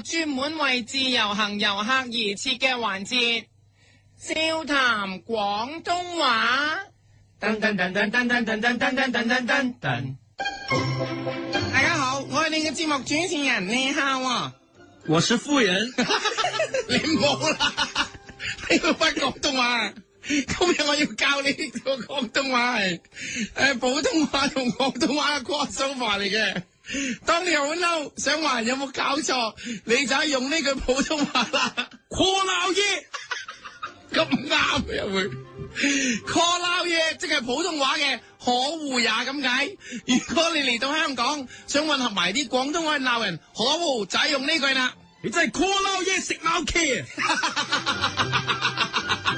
專門為自由行遊客而設嘅環節，笑談廣東話。噔噔噔噔噔噔噔噔噔噔噔噔。大家好，我係你嘅節目主持人，你好。我是夫人。你冇啦，你唔識廣東話，今日我要教你講廣東話嚟。誒，普通話同廣東話嘅 cross over 嚟嘅。當你好嬲，想話有冇搞錯，你就用呢句普通話啦。Call 撈嘢咁啱又會！佢 Call 撈嘢即係普通話嘅可惡也咁解。 如果你嚟到香港，想混合埋啲廣東話鬧人，可惡就係、是、用呢句啦。你真係 Call 撈嘢食貓橋啊。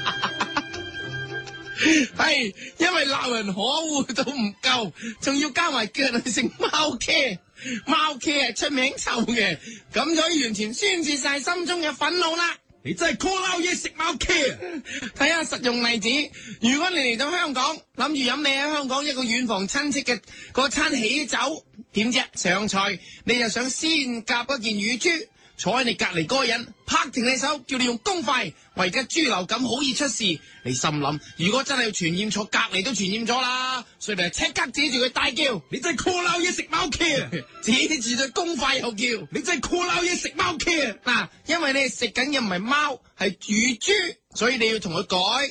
係， 因為鬧人可惡都唔夠，仲要加埋腳去食貓茄，貓茄係出名臭嘅，咁所以完全宣泄晒心中嘅憤怒啦。你真係 call 撈嘢食貓茄，睇下實用例子。如果你嚟到香港，諗住飲你喺香港一個遠房親戚嘅、嗰個餐喜酒，點啫？上菜你就想先夾一件乳豬。坐喺你隔籬嗰個人拍停你手，叫你用公筷，喂，而家豬流感好易出事。你心諗，如果真係要傳染錯隔籬都傳染咗啦，所以咪即刻指住佢大叫：你真係 call 撈嘢食貓 K！指啲字在公筷又叫：你真係 call 撈嘢食貓 K！嗱、啊，因為你食緊嘅唔係貓，係豬豬，所以你要同佢改。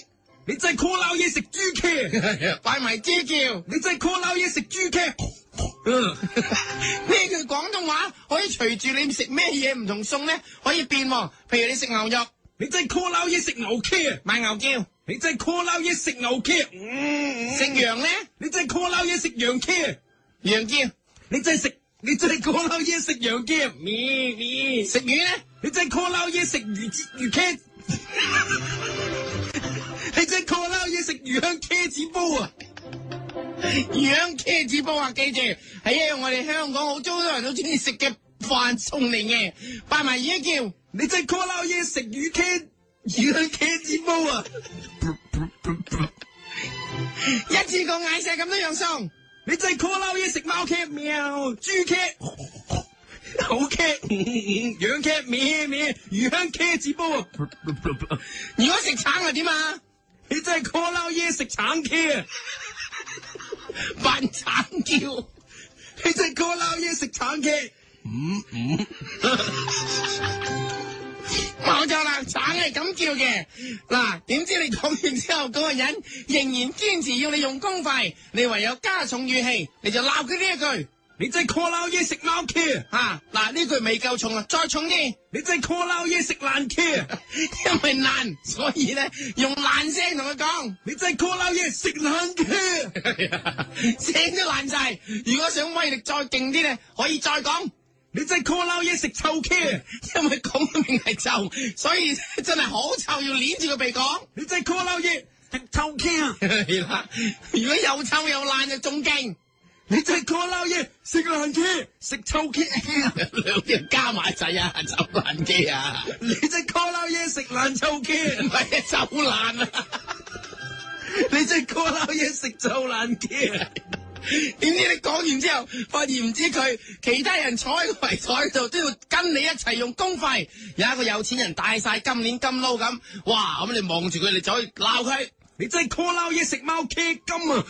你真係 call 撈嘢食豬 K， 擺埋遮叫。你真係 call 撈嘢食豬 K。Care. 嗯，呢句廣東話可以隨住你食咩嘢唔同餸呢？可以變，譬如你食牛肉，你真係 call 撈嘢食牛茄。啊，買牛叫，你真係 call 撈嘢食牛茄。嗯，食羊呢？你真係 call 撈嘢食羊茄，羊叫，你真係食，你真係 call 撈嘢食羊叫，咪咪食魚呢？你真係 call 撈嘢食魚子魚茄。啊， 你真係 call 撈嘢食魚香茄子煲啊！魚香茄子煲啊！記住，係、哎、我哋香港好，好多人都中意食嘅飯送嚟嘅。扮埋依叫，你真係 call 撈嘢食魚茄，魚香茄子煲啊！ 一次過嗌晒咁多樣餸，你真係 call 撈嘢食貓茄、喵豬茄、好茄、魚香茄、喵喵魚香茄子煲啊！ 如果食橙啊點啊？ 你真係 call 撈嘢食橙茄啊！ 扮慘叫，你真係叫我撈嘢食慘嘅，唔唔，冇錯啦，慘係咁叫嘅。嗱，點知你講完之後，嗰個人仍然堅持要你用公費，你唯有加重語氣，你就鬧佢呢一句。你真係 call 撈嘢食貓橋吓，嗱，呢句未夠重啊，再重啲！你真係 call 撈嘢食爛橋，因為爛所以咧，用爛聲同佢講，你真係 call 撈嘢食爛橋，聲都爛晒。如果想威力再勁啲咧，可以再講，你真係 call 撈嘢食臭橋，因為講明係臭，所以真係好臭，要捏住個鼻講，你真係 call 撈嘢食臭橋。係啦。如果又臭又爛就仲勁。你真係 call 撈嘢，食爛茄，食臭茄，兩嘢加埋仔啊！ 走爛茄啊！ 你真係 call 撈嘢，食爛 臭茄，啊，咪走爛啦！你真係 call 撈嘢，食臭爛茄。點知你講完之後，發現唔知佢，其他人坐喺個圍台度都要跟你一齊用公費，有一個有錢人帶晒今年金撈咁，哇！咁你望住佢，你走去鬧佢。你真係 call 撈嘢食貓 K 金啊！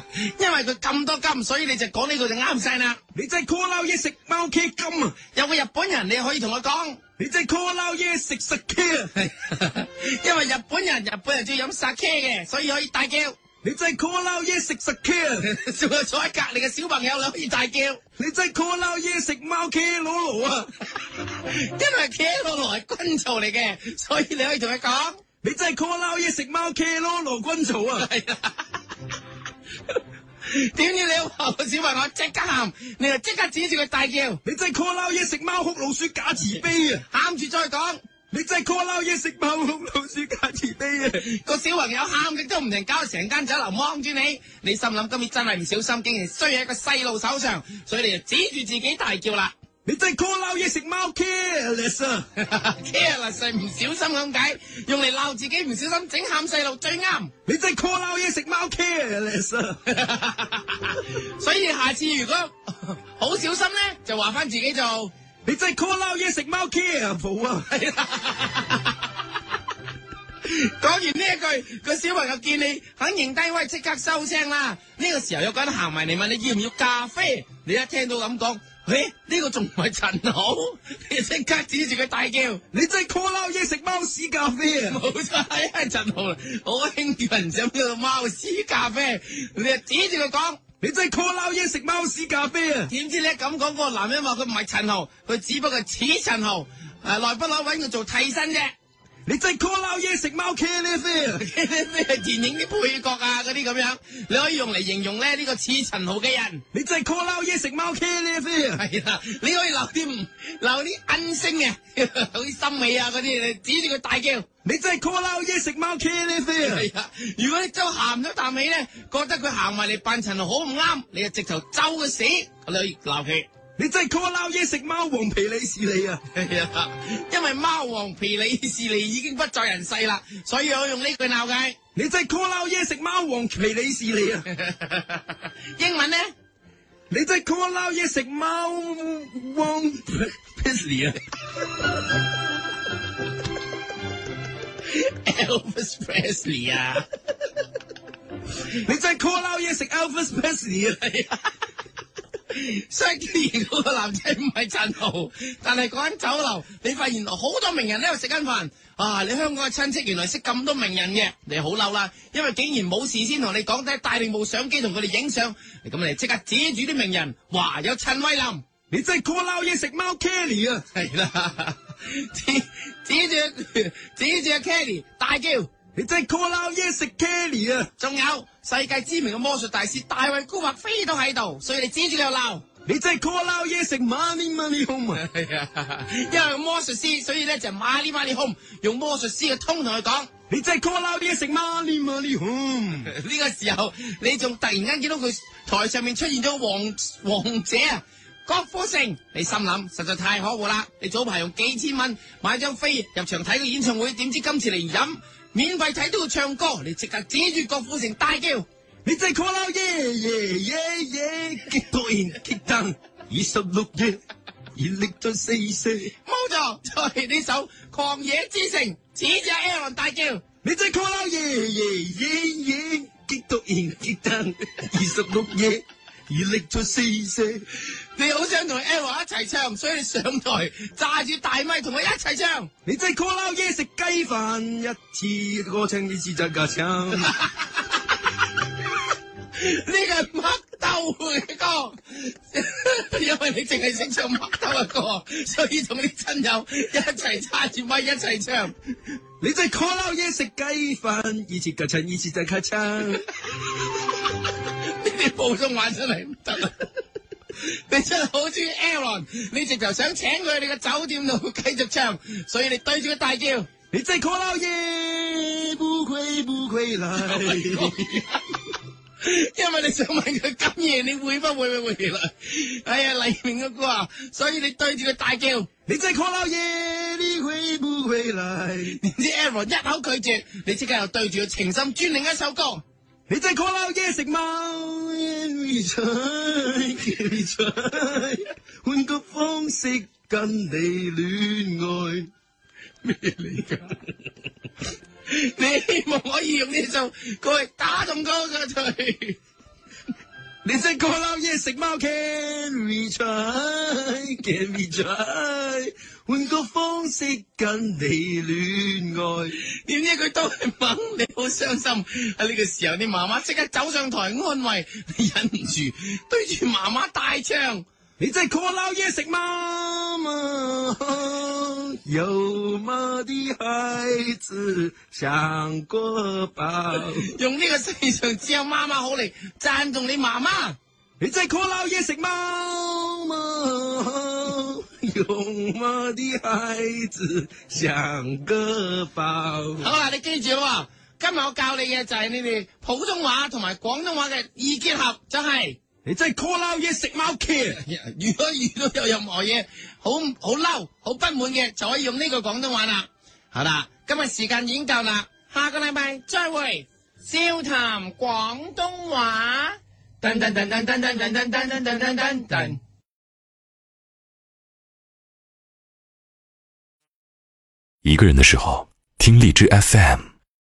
因為佢咁多金，所以你就講呢句就啱晒啦。 你真係 call 撈嘢食貓 K 金啊！有個日本人，你可以同佢講，你真係 call 撈嘢食食 K 啊！因為日本人，日本人中意飲沙 K 嘅，所以可以大叫。 你真係 call 撈嘢食食 K 啊！仲有坐喺隔籬嘅小朋友，你可以大叫。你真係 call 撈嘢食貓 K 羅羅啊！因為 K 羅羅係軍曹嚟嘅，所以你可以同佢講。你真係 call 撈嘢食貓茄咯羅君草啊！係啊， 點知你話個小朋友即刻喊，你又即刻指住佢大叫，你真係 call 撈嘢食貓哭老鼠假慈悲啊！喊住再講，你真係 call 撈嘢食貓哭老鼠假慈悲啊！個 小朋友喊極都唔停，搞到成間酒樓望住你，你心諗今日真係唔小心，竟然衰喺個細路手上，所以你就指住自己大叫啦。你真係 call 撈嘢食貓 careless，careless 係唔小心咁解，用嚟鬧自己唔小心整喊細路最啱。你真係 call 撈嘢食貓 careless 所以下次如果好小心咧，就話翻自己做。你真係 call 撈嘢食貓 K，冇啊。講 完呢一句，個小朋友見你肯認低威，即刻收聲啦。呢、呢個時候有個人行埋嚟問你，你要唔要咖啡，你一聽到咁講。喂，呢、欸這個仲唔係陳豪？你即刻指住佢大叫，你真係 call 撈嘢食貓屎咖啡啊！冇錯，係陳豪，我兄弟想叫貓屎咖啡。你啊指住佢講，你真係 call 撈嘢食貓屎咖啡啊！點知你咁講，個男人話佢唔係陳豪，佢只不過似陳豪，誒、呃，來不攞搵佢做替身啫。你真係 call 撈嘢食貓 Kelly feel，咩電影啲配角啊嗰啲咁樣，你可以用嚟形容咧呢個似陳豪嘅人。你真係 call 撈嘢食貓 Kelly feel，係啦，你可以留啲留啲恩聲嘅，好 啲心味啊嗰啲，你指住佢大叫，你真係 call 撈嘢食貓 Kelly feel。係啊，如果你都行唔到啖味咧，覺得佢行埋嚟扮陳豪好唔啱，你就直頭周佢死，咁你鬧佢。你真係 call 撈嘢食貓王皮利士利啊，係啊，因為貓王皮利士利已經不在人世啦，所以我用呢句鬧街。你真係 call 撈嘢食貓王皮利士利啊， 英文呢？你真係 call 撈嘢食貓王皮利士啊，Elvis Presley 啊，你真係 call 撈嘢食 Elvis Presley 啊。 雖然嗰個男仔唔係陳豪，但係嗰間酒樓，你發現好多名人喺度食緊飯。啊！你香港嘅親戚原來識咁多名人嘅，你好嬲啦！因為竟然冇事先同你講，帶部相機同佢哋影相。咁你即刻指住啲名人，哇！有陳威林，你真係 call 撈嘢食貓 Candy 啊！係啦，指住指住阿 Candy 大叫：你真係 call 撈嘢食 Candy 啊！仲有。世界知名嘅魔術大師大衛高柏飛都喺度，所以你指住你又鬧，你真係 call 撈嘢食 money money home。啊， 因為係魔術師，所以咧就係 money money home，用魔術師嘅 tone 同佢講，你真係 call 撈啲嘢食 money money home。呢 個時候你仲突然間見到佢台上面出現咗王王者啊郭富城，你心諗，實在太可惡啦！你早排用幾千蚊買張飛入場睇個演唱會，點知今次嚟飲？免費睇到佢唱歌，你即刻指住郭富城大叫，你真係 Call Lau 耶耶耶耶！激突然激燈，二十六億已歷咗四四，冇錯，就係呢首《狂野之城》，指住 Alan 大叫，你真係 Call Lau 耶耶耶耶！激突然激燈，二十六億已歷咗四四。你好想同 L、e、一齊唱，所以你上台揸住大咪同我一齊唱。你真係 call 撈嘢食雞飯，一次歌唱一次再架唱。呢個係麥兜嘅歌，因為你淨係識唱麥兜嘅歌，所以同啲親友一齊揸住咪一齊唱。你真係 call 撈嘢食雞飯，一次架唱一次再咔。唱。呢啲普通話玩出嚟，唔得。你真係好中意 Aaron，你直頭想請佢去你嘅酒店度繼續唱，所以你對住佢大叫，你真係 Call Lau Yeah 不愧不愧來？ 因為你想問佢今夜你會不，會不會回來？哎呀，黎明嘅歌啊，所以你對住佢大叫，你真係 Call Lau Yeah 你會不歸來？點知 Aaron 一口拒絕，你即刻又對住佢情深專另一首歌。你真係 call 撈嘢食嗎？亂吹亂吹，換個方式跟你戀愛，咩嚟噶？ 你希望可以用呢種佢打動哥個嘴？就是你真係 Call 撈嘢食嗎？Can we try, can we try， 換個方式跟你戀愛。點 知佢都係問你好傷心，喺呢個時候，你媽媽即刻走上台安慰，你忍唔住對住媽媽大唱：你真係 Call 撈嘢食嗎？啊！有媽的孩子像個寶， 用呢個世上只有媽媽好嚟贊同你媽媽。你真係靠撈嘢食貓？有媽的孩子像個寶。 好啦，你記住啦，今日我教你嘅就係你哋普通話同埋廣東話嘅二結合，就係、是。你真係 call 撈嘢食貓橋，如果遇到有任何嘢好好嬲、好不滿嘅，就可以用呢個廣東話啦。好啦，今日時間已經夠啦，下個禮拜再會，笑談廣東話。等、等、等、等、等、等、等、等、等。噔噔噔。一個人嘅時候，聽荔枝 FM。